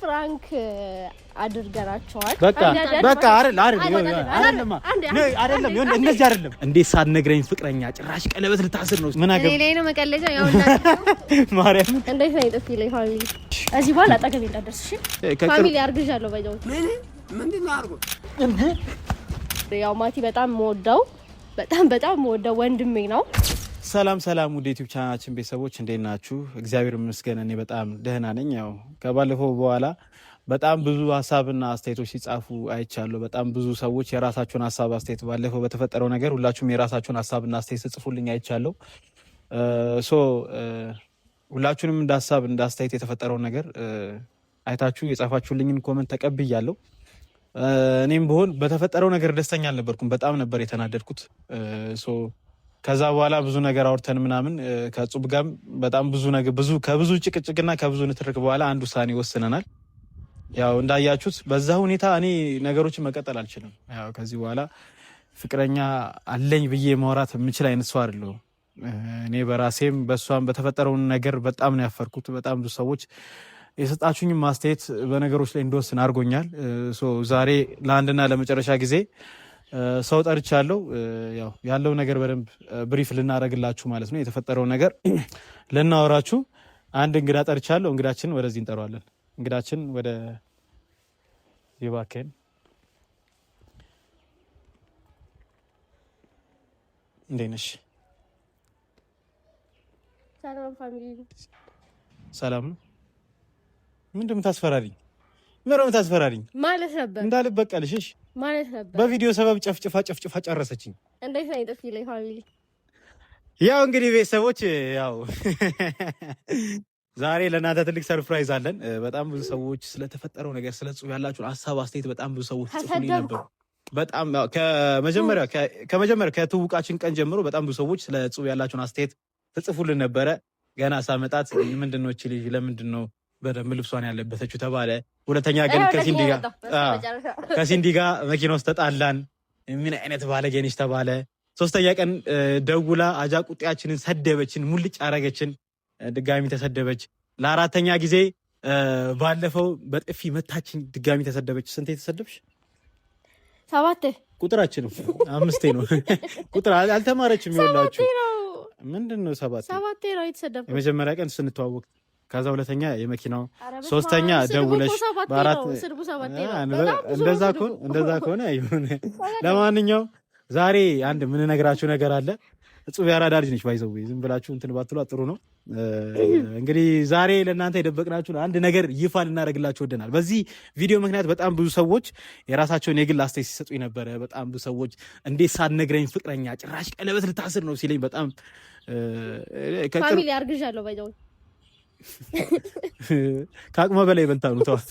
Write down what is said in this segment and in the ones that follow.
ፍራንክ አድርገናቸዋል። በቃ በቃ አይደል አይደለም አይደለም ይሁን እንደዚህ አይደለም። እንዴት ሳትነግረኝ ፍቅረኛ ጭራሽ ቀለበት ልታስር ነው? ምን አገባኝ። ሌላ ነው መቀለጃ። ያው ማርያም እንዴት ነው ጥፊ ላይ ፋሚሊ፣ እዚህ በኋላ አጠገቤ እንዳደርስሽ ፋሚሊ አርግዣለሁ። በጃው ምን ምንድን ነው አርጎ እንዴ? ያው ማቲ በጣም የምወደው በጣም በጣም የምወደው ወንድሜ ነው። ሰላም ሰላም ወደ ዩቲዩብ ቻናችን ቤተሰቦች እንዴት ናችሁ? እግዚአብሔር ይመስገን እኔ በጣም ደህና ነኝ። ያው ከባለፈው በኋላ በጣም ብዙ ሀሳብና አስተያየቶች ሲጻፉ አይቻለሁ። በጣም ብዙ ሰዎች የራሳችሁን ሀሳብ አስተያየት፣ ባለፈው በተፈጠረው ነገር ሁላችሁም የራሳችሁን ሀሳብና አስተያየት ስጽፉልኝ አይቻለሁ። ሶ ሁላችሁንም እንደ ሀሳብ እንደ አስተያየት የተፈጠረውን ነገር አይታችሁ የጻፋችሁልኝን ኮመንት ተቀብያለሁ። እኔም ብሆን በተፈጠረው ነገር ደስተኛ አልነበርኩም። በጣም ነበር የተናደድኩት። ከዛ በኋላ ብዙ ነገር አውርተን ምናምን ከጹብ ጋር በጣም ብዙ ነገር ብዙ ከብዙ ጭቅጭቅና ከብዙ ንትርክ በኋላ አንድ ውሳኔ ወስነናል። ያው እንዳያችሁት በዛ ሁኔታ እኔ ነገሮችን መቀጠል አልችልም። ያው ከዚህ በኋላ ፍቅረኛ አለኝ ብዬ ማውራት የምችል አይነት ሰው አይደለሁም። እኔ በራሴም በእሷም በተፈጠረውን ነገር በጣም ነው ያፈርኩት። በጣም ብዙ ሰዎች የሰጣችሁኝም ማስተያየት በነገሮች ላይ እንደወስን አድርጎኛል። ዛሬ ለአንድና ለመጨረሻ ጊዜ ሰው ጠርቻለሁ። ያው ያለው ነገር በደንብ ብሪፍ ልናደርግላችሁ ማለት ነው፣ የተፈጠረው ነገር ልናወራችሁ። አንድ እንግዳ ጠርቻለሁ። እንግዳችን ወደዚህ እንጠራዋለን። እንግዳችን ወደ ዚባኬን እንዴት ነሽ? ሰላም ነው። ምንድን የምታስፈራሪኝ? ምነው የምታስፈራሪኝ ማለት ነበር እንዳልበቀልሽሽ ማለት ነበር። በቪዲዮ ሰበብ ጨፍጭፋ ጨፍጭፋ ጨረሰችኝ። እንዴት ነው ጥፊ ላይ ፋሚሊ? ያው እንግዲህ ቤተሰቦች ያው ዛሬ ለእናንተ ትልቅ ሰርፕራይዝ አለን። በጣም ብዙ ሰዎች ስለተፈጠረው ነገር ስለ ጽሁፍ ያላችሁን ሀሳብ አስተያየት በጣም ብዙ ሰዎች ጽፉልኝ ነበሩ። በጣም ከመጀመሪያ ከትውቃችን ቀን ጀምሮ በጣም ብዙ ሰዎች ስለ ጽሁፍ ያላችሁን አስተያየት ትጽፉልን ነበረ። ገና ሳመጣት ምንድን ነው እቺ ልጅ ለምንድን ነው በደንብ ልብሷን ያለበሰችው ተባለ። ሁለተኛ ግን ከሲንዲ ጋር መኪና ውስጥ ተጣላን። ምን አይነት ባለጌ ነች ተባለ። ሶስተኛ ቀን ደውላ አጃ ቁጤያችንን ሰደበችን፣ ሙልጭ አረገችን፣ ድጋሚ ተሰደበች። ለአራተኛ ጊዜ ባለፈው በጥፊ መታችን፣ ድጋሚ ተሰደበች። ስንት የተሰደብሽ? ሰባት ቁጥራችን አምስቴ ነው። ቁጥር አልተማረችም። ይኸውላችሁ ምንድን ነው ሰባት ሰባት ነው የተሰደብኩት የመጀመሪያ ቀን ስንተዋወቅ ከዛ ሁለተኛ የመኪናው ሶስተኛ ደውለሽ በአራት እንደዛ ከሆነ እንደዛ ከሆነ ይሁን። ለማንኛውም ዛሬ አንድ የምንነግራችሁ ነገር አለ። እጹብ ያራዳ ልጅ ነች። ባይዘው ዝም ብላችሁ እንትን ባትሏ ጥሩ ነው። እንግዲህ ዛሬ ለእናንተ የደበቅናችሁን አንድ ነገር ይፋ ልናደርግላችሁ ወደናል። በዚህ ቪዲዮ ምክንያት በጣም ብዙ ሰዎች የራሳቸውን የግል አስተያየት ሲሰጡ ነበረ። በጣም ብዙ ሰዎች እንዴት ሳትነግረኝ ፍቅረኛ ጭራሽ ቀለበት ልታስር ነው ሲለኝ በጣም ፋሚሊ አርግዣለሁ ከአቅመ በላይ በልታ ነው ተዋት።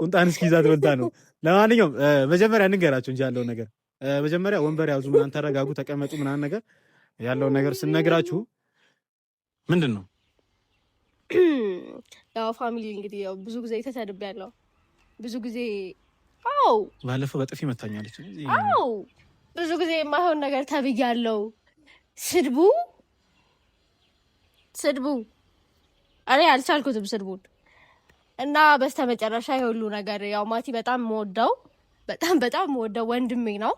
ቁንጣን እስኪ በልታ ነው። ለማንኛውም መጀመሪያ እንገራቸው እንጂ ያለውን ነገር መጀመሪያ ወንበር ያዙ፣ ምናን ተረጋጉ፣ ተቀመጡ፣ ምናን ነገር ያለውን ነገር ስነግራችሁ ምንድን ነው ያው ፋሚሊ እንግዲህ ያው ብዙ ጊዜ ያለው ብዙ ጊዜ አው ባለፈው በጥፊ መታኛለች። አው ብዙ ጊዜ የማይሆን ነገር ተብያለው። ስድቡ ስድቡ እኔ አልቻልኩትም ስድቡን እና በስተመጨረሻ የሁሉ ነገር ያው ማቲ በጣም መወደው በጣም በጣም መወደው ወንድሜ ነው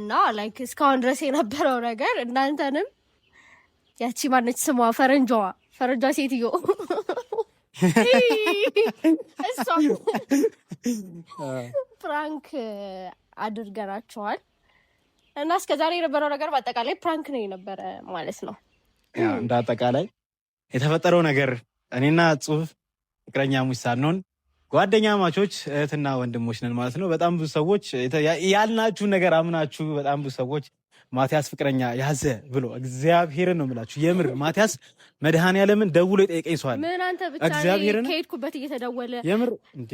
እና ላይክ እስካሁን ድረስ የነበረው ነገር እናንተንም ያቺ ማነች ስሟ ፈረንጇ ፈረንጇ ሴትዮ እሷ ፕራንክ አድርገናቸዋል እና እስከዛሬ የነበረው ነገር በአጠቃላይ ፕራንክ ነው የነበረ ማለት ነው። እንደ አጠቃላይ የተፈጠረው ነገር እኔና ጽሁፍ ፍቅረኛ ሙች ሳንሆን ጓደኛ ማቾች እህትና ወንድሞች ነን ማለት ነው። በጣም ብዙ ሰዎች ያልናችሁን ነገር አምናችሁ፣ በጣም ብዙ ሰዎች ማቲያስ ፍቅረኛ ያዘ ብሎ እግዚአብሔርን ነው የምላችሁ። የምር ማቲያስ መድኃኔዓለምን ደውሎ የጠየቀኝ ሰዋል። ምን አንተ ብቻ እግዚአብሔርን ከሄድኩበት እየተደወለ የምር እንዴ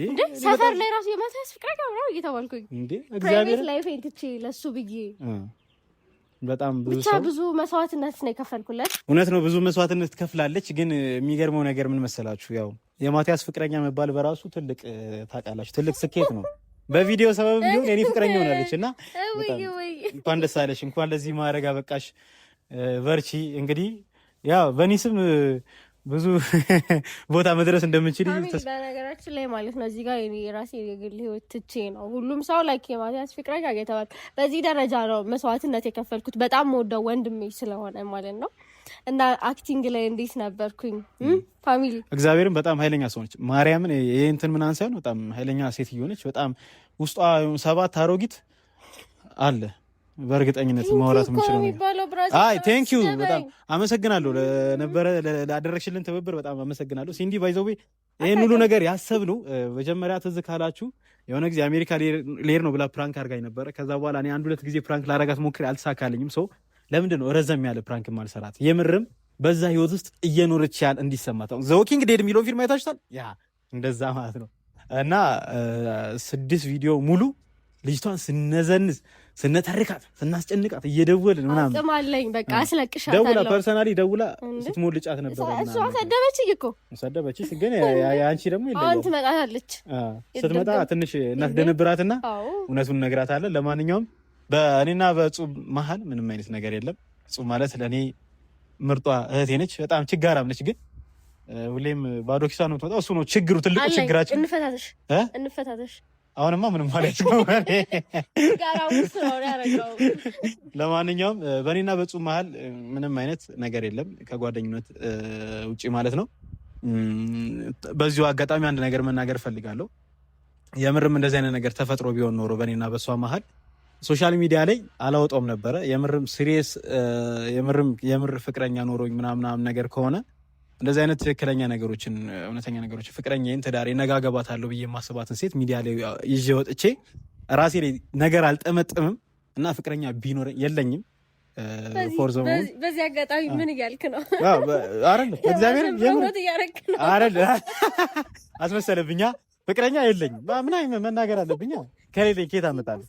ሰፈር ላይ ራሱ የማቲያስ ፍቅረኛ ነው እየተባልኩኝ እንዴ እግዚአብሔር ላይ ፌንትቼ ለሱ ብዬ በጣም ብዙ ብቻ ብዙ መስዋዕትነት ነው የከፈልኩለት። እውነት ነው፣ ብዙ መስዋዕትነት ትከፍላለች። ግን የሚገርመው ነገር ምን መሰላችሁ? ያው የማቲያስ ፍቅረኛ መባል በራሱ ትልቅ ታውቃላችሁ፣ ትልቅ ስኬት ነው። በቪዲዮ ሰበብ ቢሆን የኔ ፍቅረኛ ሆናለች እና እንኳን ደስ አለሽ፣ እንኳን ለዚህ ማድረግ አበቃሽ። በርቺ። እንግዲህ ያው በእኔ ስም ብዙ ቦታ መድረስ እንደምችል በነገራችን ላይ ማለት ነው። እዚህ ጋር የራሴ የግል ህይወት ትቼ ነው። ሁሉም ሰው ላይክ የማትያስ ፍቅረኛ የተባል በዚህ ደረጃ ነው መስዋዕትነት የከፈልኩት በጣም መወደው ወንድሜ ስለሆነ ማለት ነው። እና አክቲንግ ላይ እንዴት ነበርኩኝ? ፋሚሊ እግዚአብሔርን በጣም ኃይለኛ ሰው ነች። ማርያምን የእንትን ምናምን ሳይሆን በጣም ኃይለኛ ሴትዮ ነች። በጣም ውስጧ ሰባት አሮጊት አለ በእርግጠኝነት ማውራት ምችለ አይ ቴንክ ዩ በጣም አመሰግናለሁ። ለነበረ ላደረግሽልን ትብብር በጣም አመሰግናለሁ። ሲንዲ ባይዘዌ ይህን ሁሉ ነገር ያሰብነው መጀመሪያ ትዝ ካላችሁ የሆነ ጊዜ አሜሪካ ሌር ነው ብላ ፕራንክ አድርጋኝ ነበረ። ከዛ በኋላ እኔ አንድ ሁለት ጊዜ ፕራንክ ላረጋት ሞክሬ አልተሳካልኝም። ሰው ለምንድን ነው ረዘም ያለ ፕራንክ ማልሰራት? የምርም በዛ ህይወት ውስጥ እየኖረች ያል እንዲሰማት ዘ ዎኪንግ ዴድ የሚለውን ፊልም አይታችኋል? ያ እንደዛ ማለት ነው እና ስድስት ቪዲዮ ሙሉ ልጅቷን ስነዘንዝ ስነተርካት ስናስጨንቃት እየደወልን ምናምን አቅም በቃ አስለቅሻታለሁ። ደውላ ፐርሰናሊ ደውላ ስትሞልጫት ነበረ። እሷ ሰደበችኝ እኮ ሰደበችሽ፣ ግን አንቺ ደግሞ አሁን ትመጣታለች። ስትመጣ ትንሽ እናስደነብራትና እውነቱን ነግራት አለን። ለማንኛውም በእኔና በእጹብ መሀል ምንም አይነት ነገር የለም። እጹብ ማለት ለእኔ ምርጧ እህቴ ነች። በጣም ችጋራም ነች ግን ሁሌም ባዶ ኪሷን የምትመጣው እሱ ነው ችግሩ፣ ትልቁ ችግራችን። እንፈታተሽ እንፈታተሽ አሁንማ ምንም ማለት ነው። ለማንኛውም በእኔና በፁ መሀል ምንም አይነት ነገር የለም ከጓደኝነት ውጭ ማለት ነው። በዚሁ አጋጣሚ አንድ ነገር መናገር ፈልጋለሁ። የምርም እንደዚህ አይነት ነገር ተፈጥሮ ቢሆን ኖሮ በእኔና በእሷ መሀል ሶሻል ሚዲያ ላይ አላወጣውም ነበረ። የምርም ሲሪየስ የምርም የምር ፍቅረኛ ኖሮኝ ምናምናም ነገር ከሆነ እንደዚህ አይነት ትክክለኛ ነገሮችን እውነተኛ ነገሮችን ፍቅረኛዬን፣ ትዳሬን፣ ነጋገባት አለው ብዬ የማስባትን ሴት ሚዲያ ላይ ይዤ ወጥቼ ራሴ ላይ ነገር አልጠመጥምም እና ፍቅረኛ ቢኖር የለኝም። ፎር በዚህ አጋጣሚ ምን እያልክ ነው? እግዚአብሔር አስመሰለብኛ። ፍቅረኛ የለኝም ምን መናገር አለብኛ? ከሌለኝ ኬት አመጣለሁ?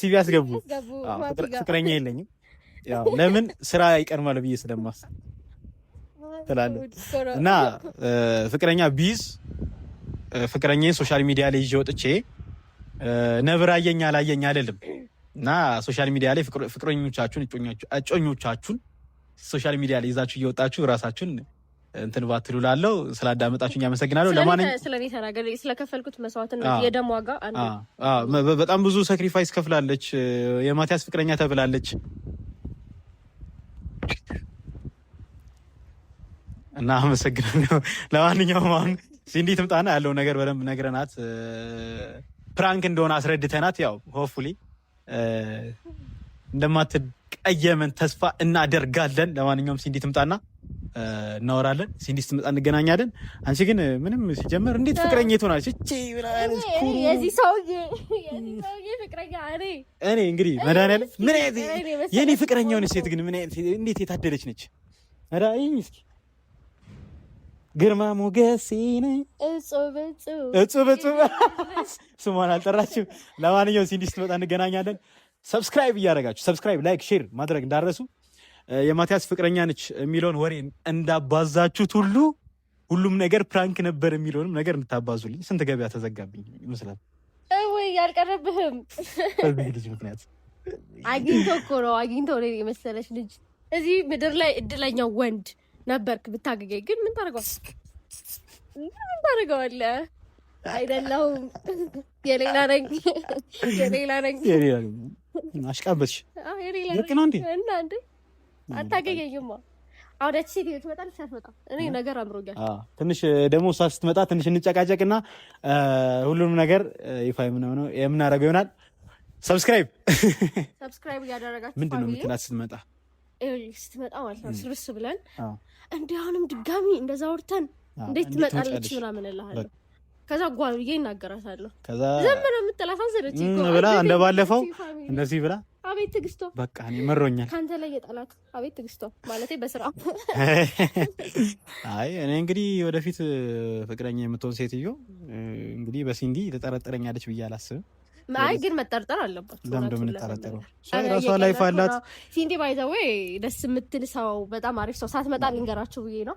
ሲቪ አስገቡ። ፍቅረኛ የለኝም ለምን ስራ ይቀድማል ብዬ ስለማስብ ትላለህ እና ፍቅረኛ ቢዝ ፍቅረኛ ሶሻል ሚዲያ ላይ ይዤ ወጥቼ ነብር አየኝ አላየኝ አይደለም። እና ሶሻል ሚዲያ ላይ ፍቅረኞቻችሁን እጮኞቻችሁን ሶሻል ሚዲያ ላይ ይዛችሁ እየወጣችሁ ራሳችሁን እንትን ባትሉ ላለው ስላዳመጣችሁ አመሰግናለሁ። ለማንኛውም ስለከፈልኩት መስዋዕትነት የደም ዋጋ በጣም ብዙ ሰክሪፋይስ ከፍላለች። የማቲያስ ፍቅረኛ ተብላለች። እና አመሰግናለሁ። ለማንኛውም አሁን ሲንዲ ትምጣና ያለው ነገር በደንብ ነግረናት ፕራንክ እንደሆነ አስረድተናት ያው ሆፕፉሊ እንደማትቀየመን ተስፋ እናደርጋለን። ለማንኛውም ሲንዲ ትምጣና እናወራለን። ሲንዲ ስትመጣ እንገናኛለን። አንቺ ግን ምንም ሲጀመር እንዴት ፍቅረኛ የቱ ናች? የዚህ ሰውዬ ፍቅረኛ እኔ እንግዲህ መድኃኒዓለም ምን የኔ ፍቅረኛውን ሴት ግን እንዴት የታደለች ነች? ይህ እስኪ ግርማ ሞገሴን እጹብ እጹብ ስሟን አልጠራችም። ለማንኛውም ሲንዲ ስትመጣ እንገናኛለን። ሰብስክራይብ እያደረጋችሁ ሰብስክራይብ፣ ላይክ፣ ሼር ማድረግ እንዳረሱ የማቲያስ ፍቅረኛ ነች የሚለውን ወሬ እንዳባዛችሁት ሁሉ ሁሉም ነገር ፕራንክ ነበር የሚለውንም ነገር እንድታባዙልኝ። ስንት ገበያ ተዘጋብኝ ይመስላል። ወይ አልቀረብህም? በዚህ ልጅ ምክንያት አግኝቶ እኮ ነው አግኝቶ ነው የመሰለች ልጅ እዚህ ምድር ላይ እድለኛው ወንድ ነበርክ ብታገገኝ ግን ምን ታደርገዋለህ? ምን ታደርገዋለህ? አይደለሁም የሌላ ነኝ የሌላ ነኝ አሽቃበትሽ እና እንዴ አታገኘኝማ። አሁን እኔ ነገር አምሮኛል። ትንሽ ደግሞ እሷ ስትመጣ ትንሽ እና ሁሉንም ነገር ይፋ የምናደርገው ይሆናል። ሰብስክራይብ ሰብስክራይብ እያደረጋችሁ ምንድን ነው የምትላት ስትመጣ ስትመጣ ማለት ነው ስርስ ብለን እንዲህ አሁንም ድጋሚ እንደዛ አውርተን እንዴት ትመጣለች ምናምን እልሃለሁ። ከዛ ጓብዬ ይናገራታለሁ። ዝም ነው የምትላት አዘደች ብላ እንደ ባለፈው እንደዚህ ብላ አቤት ትግስቶ በቃ እኔ መሮኛል ከአንተ ላይ የጠላት አቤት ትግስቶ ማለት በስራ አይ እኔ እንግዲህ ወደፊት ፍቅረኛ የምትሆን ሴትዮ እንግዲህ በሲንዲ ተጠረጠረኛለች ብዬ አላስብም። አይ ግን መጠርጠር አለባቸው። ለምንድን ነው የምንጠረጠረው? ራሷ ላይፍ አላት። ሲንዲ ባይዘዌ ደስ የምትል ሰው በጣም አሪፍ ሰው ሳትመጣ ልንገራችሁ ብዬ ነው።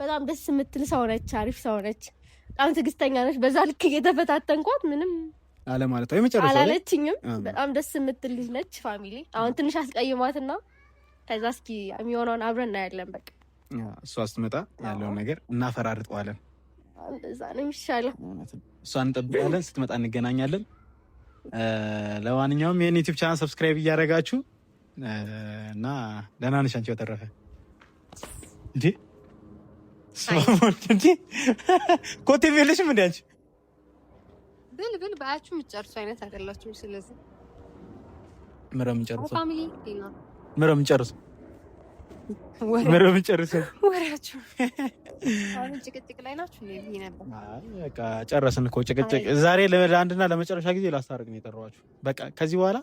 በጣም ደስ የምትል ሰው ነች፣ አሪፍ ሰው ነች፣ በጣም ትዕግስተኛ ነች። በዛ ልክ እየተፈታተንኳት ምንም አለ ማለት የመጨረሻ አላለችኝም። በጣም ደስ የምትል ልጅ ነች። ፋሚሊ አሁን ትንሽ አስቀይሟትና ከዛ እስኪ የሚሆነውን አብረን እናያለን። በቃ እሷ ስትመጣ ያለውን ነገር እናፈራርጠዋለን። እዛ ነው የሚሻለው። እሷ እንጠብቃለን። ስትመጣ እንገናኛለን። ለማንኛውም ይህን ዩቲብ ቻናል ሰብስክራይብ እያደረጋችሁ እና ደህና ነሽ አንቺ? በተረፈ እንዴ የለሽም አንቺ? በአያችሁ አይነት አይደላችሁ። ስለዚህ ወሬውን ጨርሰን ወሬያችሁ ጭቅጭቅ ላይ ናችሁ በቃ ጨረስን እኮ ጭቅጭቅ። ዛሬ ለአንድና ለመጨረሻ ጊዜ ላስታርቅ ነው የጠራኋችሁ። በቃ ከዚህ በኋላ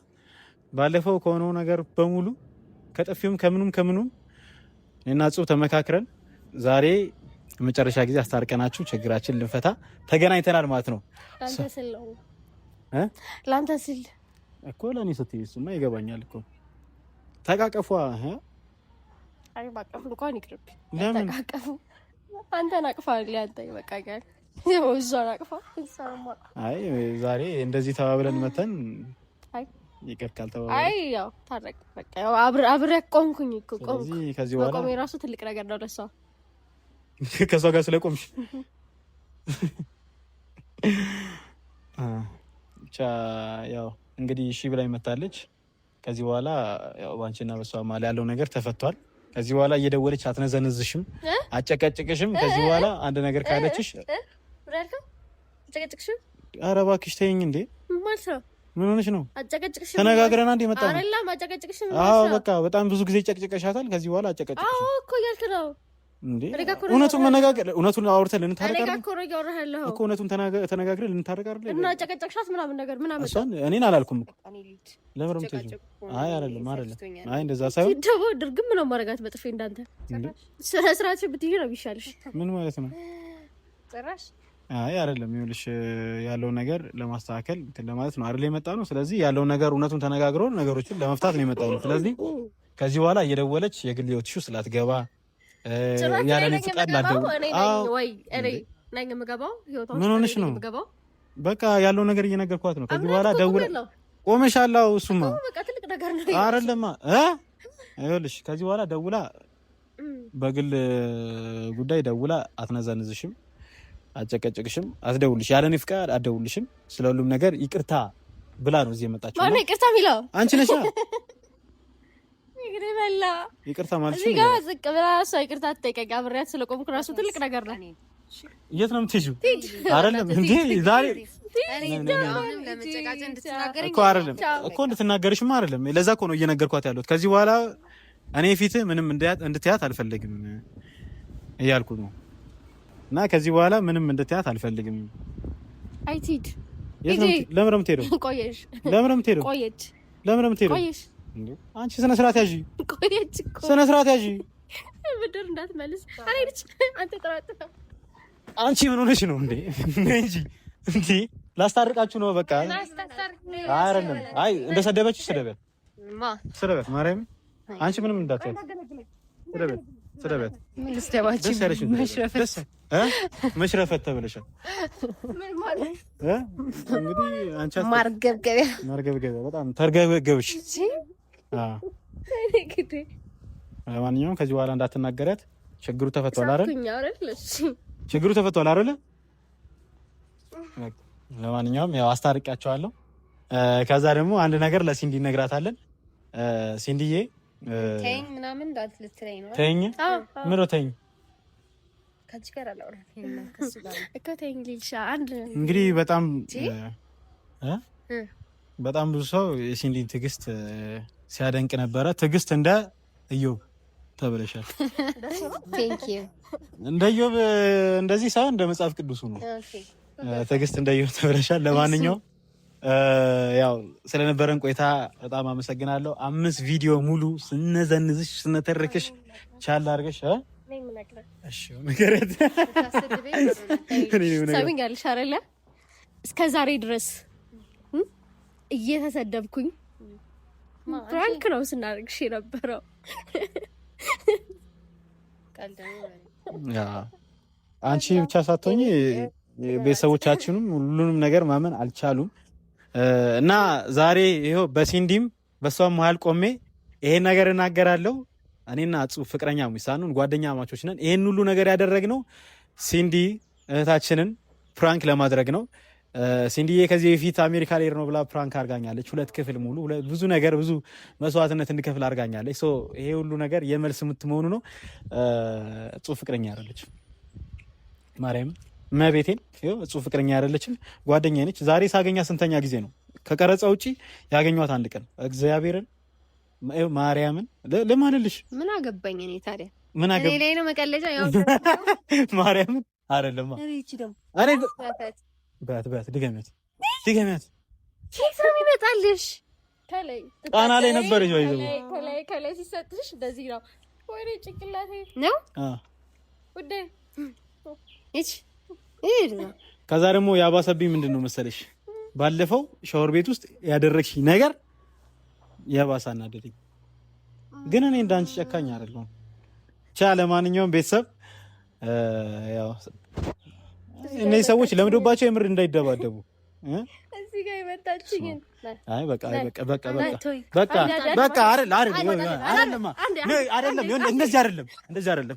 ባለፈው ከሆነው ነገር በሙሉ ከጥፊውም ከምኑም ከምኑም እና ጽሁፍ ተመካክረን ዛሬ መጨረሻ ጊዜ አስታርቀናችሁ ችግራችን ልንፈታ ተገናኝተናል ማለት ነው። ለአንተ ስል እኮ ለእኔ ስትይ እሱማ ይገባኛል እኮ ተቃቀፏ እንኳን ይቅርብኝ። ተቃቀፉ። አንተን አንተ አቅፋ አይ ዛሬ እንደዚህ ተባብለን መተን ይቅር ካልተባባልን አይ ያው ታረቅ በቃ ያው ቆምኩኝ እኮ ቆምኩ። ከዚህ በኋላ ትልቅ ነገር ነው ለሷ ከሷ ጋር ስለቆምሽ ብቻ ያው እንግዲህ እሺ ብላኝ መታለች። ከዚህ በኋላ ያው ባንቺና በሷ መሀል ያለው ነገር ተፈቷል። ከዚህ በኋላ እየደወለች አትነዘንዝሽም፣ አጨቀጭቅሽም። ከዚህ በኋላ አንድ ነገር ካለችሽ አጨቀጭቅሽም። ኧረ እባክሽ ተይኝ እንዴ! ምን ሆነሽ ነው? ተነጋግረን አንድ የመጣ ነው። በቃ በጣም ብዙ ጊዜ ጨቅጭቀሻታል። ከዚህ በኋላ አጨቀጭቅሽም እኮ እያልክ ነው እውነቱን መነጋገር እውነቱን አውርተን ልንታረቅ እኮ እውነቱን ተነጋግረን ልንታረቅ አይደለ? እና ጨቀጨቅሻት ምናምን ነገር ምናምን እሷን እኔን አላልኩም እኮ አይ አይደለም አይደለም አይ እንደዛ ሳይሆን ደግሞ ድርግም ነው በጥፌ እንዳንተ ብትይ ነው ምን ማለት ነው? አይ አይደለም ይኸውልሽ ያለውን ነገር ለማስተካከል እንትን ለማለት ነው አይደል የመጣ ነው። ስለዚህ ያለውን ነገር እውነቱን ተነጋግሮ ነገሮችን ለመፍታት ነው የመጣ ነው። ስለዚህ ከዚህ በኋላ እየደወለች የግል ሕይወትሽ ውስጥ ላትገባ ያለኔ ፍቃድ ምን ሆነሽ ነው? በቃ ያለው ነገር እየነገርኳት ነው። ከዚህ በኋላ ደውላ ቆመሻላው። እሱማ አይደለማ እ ይኸውልሽ ከዚህ በኋላ ደውላ በግል ጉዳይ ደውላ አትነዘንዝሽም፣ አጨቀጭቅሽም፣ አትደውልሽ ያለኔ ፍቃድ አትደውልሽም። ስለሁሉም ነገር ይቅርታ ብላ ነው እዚህ የመጣችው። ማነው ይቅርታ የሚለው? አንቺ ነሽ። እንግዲህ በላ ይቅርታ ማለት እዚህ ጋር ዝቅ ብላ እሷ ይቅርታ ትጠይቀኝ። አብሬያት ስለቆምኩ እራሱ ትልቅ ነገር ነው። የት ነው የምትሄጂው? አይደለም እንዴ ዛሬ እኮ አይደለም እኮ እንድትናገርሽማ አይደለም። ለዛ እኮ ነው እየነገርኳት ያለሁት። ከዚህ በኋላ እኔ ፊት ምንም እንድትያት አልፈልግም እያልኩ ነው። እና ከዚህ በኋላ ምንም እንድትያት አልፈልግም። አይ ለምን ነው የምትሄደው? ቆየሽ አንቺ ስነ ስርዓት ያዢ፣ ስነ ስርዓት ያዢ። ብድር እንዳትመልስ አንተ ጥራጥፋ። አንቺ ምን ሆነሽ ነው እንዴ? እንጂ እንዴ ላስታርቃችሁ ነው በቃ። አይደለም አይ እንደሰደበች ስደበት፣ ስደበት፣ ማርያም አንቺ ምንም እንዳትል ስደበት፣ ስደበት። ምን ልስደባችሁ? መሽረፈት ተብለሻል። ማርገብገቢያ፣ ማርገብገቢያ። በጣም ተርገብገብሽ ለማንኛውም ከዚህ በኋላ እንዳትናገረት። ችግሩ ተፈቷል አይደል? ችግሩ ተፈቷል አይደል? ለማንኛውም ያው አስታርቂያቸዋለሁ። ከዛ ደግሞ አንድ ነገር ለሲንዲ እነግራታለን። ሲንዲዬ ተይኝ ምናምን እንዳትልትለኝ ነው። ተይኝ እንግዲህ በጣም በጣም ብዙ ሰው የሲንዲን ትዕግስት ሲያደንቅ ነበረ። ትዕግስት እንደ እዮብ ተብለሻል። እንደ እዮብ እንደዚህ ሳይሆን እንደ መጽሐፍ ቅዱሱ ነው። ትዕግስት እንደ እዮብ ተብለሻል። ለማንኛውም ያው ስለነበረን ቆይታ በጣም አመሰግናለሁ። አምስት ቪዲዮ ሙሉ ስነዘንዝሽ ስነተርክሽ ቻል አድርገሽ እስከ ዛሬ ድረስ እየተሰደብኩኝ ፕራንክ ነው ስናደርግሽ የነበረው። አንቺ ብቻ ሳቶኝ ቤተሰቦቻችንም ሁሉንም ነገር ማመን አልቻሉም እና ዛሬ ይኸው በሲንዲም በሷ መሀል ቆሜ ይሄን ነገር እናገራለሁ። እኔና ጽ ፍቅረኛ ሙሳኑን ጓደኛ አማቾች ነን። ይሄን ሁሉ ነገር ያደረግነው ሲንዲ እህታችንን ፕራንክ ለማድረግ ነው። ሲንዲዬ ከዚህ በፊት አሜሪካ ልሄድ ነው ብላ ፕራንክ አርጋኛለች። ሁለት ክፍል ሙሉ ብዙ ነገር ብዙ መስዋዕትነት እንድከፍል አርጋኛለች። ይሄ ሁሉ ነገር የመልስ ምት መሆኑ ነው። እጹ ፍቅረኛ አይደለችም፣ ማርያም መቤቴን። እጹ ፍቅረኛ አይደለችም፣ ጓደኛ ነች። ዛሬ ሳገኛ ስንተኛ ጊዜ ነው? ከቀረጻ ውጭ ያገኟት አንድ ቀን እግዚአብሔርን ማርያምን ለማንልሽ ምን አገባኝ እኔ ታዲያ ምን አገባኝ ነው መቀለጃ ማርያምን አይደለማ በት በት ድገሚያት ድገሚያት። ኬት ነው የሚመጣልሽ። ከላይ ጣና ላይ ነበር ይዞ ይዞ ከላይ ከላይ ሲሰጥሽ እንደዚህ ነው ወይ ጭቅላቴ ነው። ውዴ እች እድ ነው። ከዛ ደግሞ ያባሰብኝ ምንድን ነው መሰለሽ፣ ባለፈው ሻወር ቤት ውስጥ ያደረግሽ ነገር የባሰ አናደደኝ። ግን እኔ እንዳንቺ ጨካኝ አይደለሁም። ቻ ለማንኛውም ቤተሰብ ያው እነዚህ ሰዎች ለምዶባቸው የምር እንዳይደባደቡ አይደለም።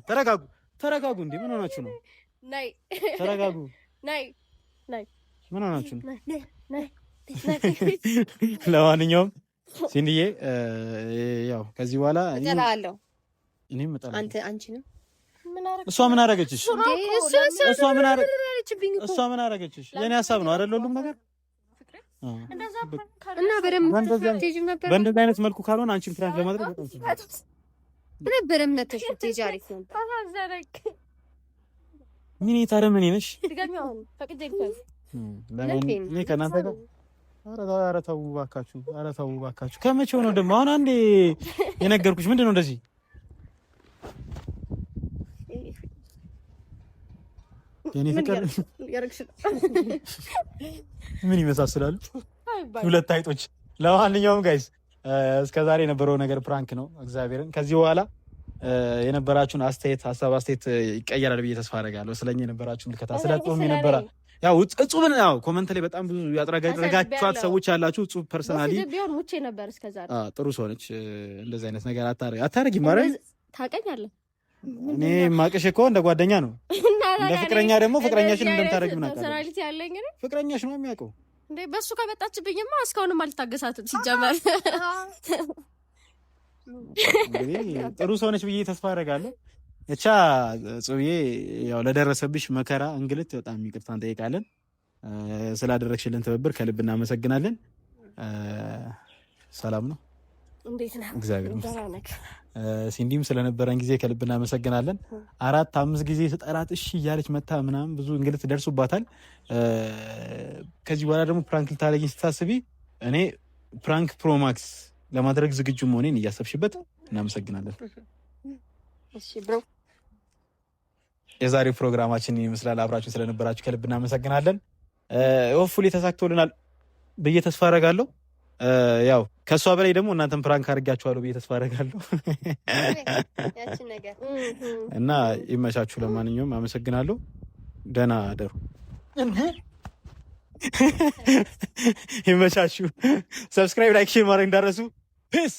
ተረጋጉ ተረጋጉ። እንዴ ምን ሆናችሁ ነው? ተረጋጉ። ምን ሆናችሁ ነው? ለማንኛውም ያው ከዚህ በኋላ እኔም እጠላለሁ። እሷ ምን አደረገችሽ? እሷ ምን አደረገችብኝ እሷ ምን አደረገችሽ? የኔ ሀሳብ ነው አይደል? ሁሉም ነገር እና በደንብ አይነት መልኩ ካልሆነ አንቺም ፍራንክ ለማድረግ ምን ምን በጣም ኧረ ተው እባካችሁ፣ ኧረ ተው እባካችሁ። ከመቼው ነው ደግሞ አሁን? አንዴ የነገርኩሽ ምንድን ነው እንደዚህ የኔ ፍቅር ምን ይመሳስላሉ? ሁለት አይጦች። ለማንኛውም ጋይስ እስከዛሬ የነበረው ነገር ፕራንክ ነው። እግዚአብሔርን ከዚህ በኋላ የነበራችሁን አስተያየት ሀሳብ አስተያየት ይቀየራል ብዬ ተስፋ አደርጋለሁ። ስለኛ የነበራችሁን ልከታ ስለ ጾም የነበራ ያው እጹብን ያው ኮመንት ላይ በጣም ብዙ ያጥረጋችኋት ሰዎች ያላችሁ እጹብ ፐርሰናሊ ቢሆን ውቼ ነበር። እስከዛ ጥሩ ሰው ነች። እንደዚህ አይነት ነገር አታረግ አታረግ ይማረ ታውቀኛለህ እኔ ማቅሽ እኮ እንደ ጓደኛ ነው። እንደ ፍቅረኛ ደግሞ ፍቅረኛሽን እንደምታደርግ ምን አውቃለሁ። ያለኝ ፍቅረኛሽ ነው የሚያውቀው። እንደ በሱ ከመጣችብኝማ እስካሁንም አልታገሳትም። ሲጀመር ጥሩ ሰው ነች ብዬ ተስፋ አደርጋለሁ። እቻ ጽብዬ፣ ያው ለደረሰብሽ መከራ፣ እንግልት በጣም ይቅርታ እንጠይቃለን። ስላደረግሽልን ትብብር ከልብ እናመሰግናለን። ሰላም ነው። እንዴት ነህ? እግዚአብሔር ይመስገን። ሲንዲም ስለነበረን ጊዜ ከልብ እናመሰግናለን። አራት አምስት ጊዜ ስጠራት እሺ እያለች መታ ምናምን ብዙ እንግልት ደርሶባታል። ከዚህ በኋላ ደግሞ ፕራንክ ልታደርጊኝ ስታስቢ እኔ ፕራንክ ፕሮማክስ ለማድረግ ዝግጁ መሆኔን እያሰብሽበት እናመሰግናለን። የዛሬው ፕሮግራማችን ይመስላል። አብራችሁ ስለነበራችሁ ከልብ እናመሰግናለን። ሆፉል ተሳክቶልናል ብዬ ተስፋ አደርጋለሁ። ያው ከእሷ በላይ ደግሞ እናንተን ፕራንክ አድርጋችኋለሁ ብዬ ተስፋ አደርጋለሁ እና ይመቻችሁ። ለማንኛውም አመሰግናለሁ። ደህና አደሩ። ይመቻችሁ። ሰብስክራይብ፣ ላይክ፣ ሼር ማድረግ እንዳረሱ ፒስ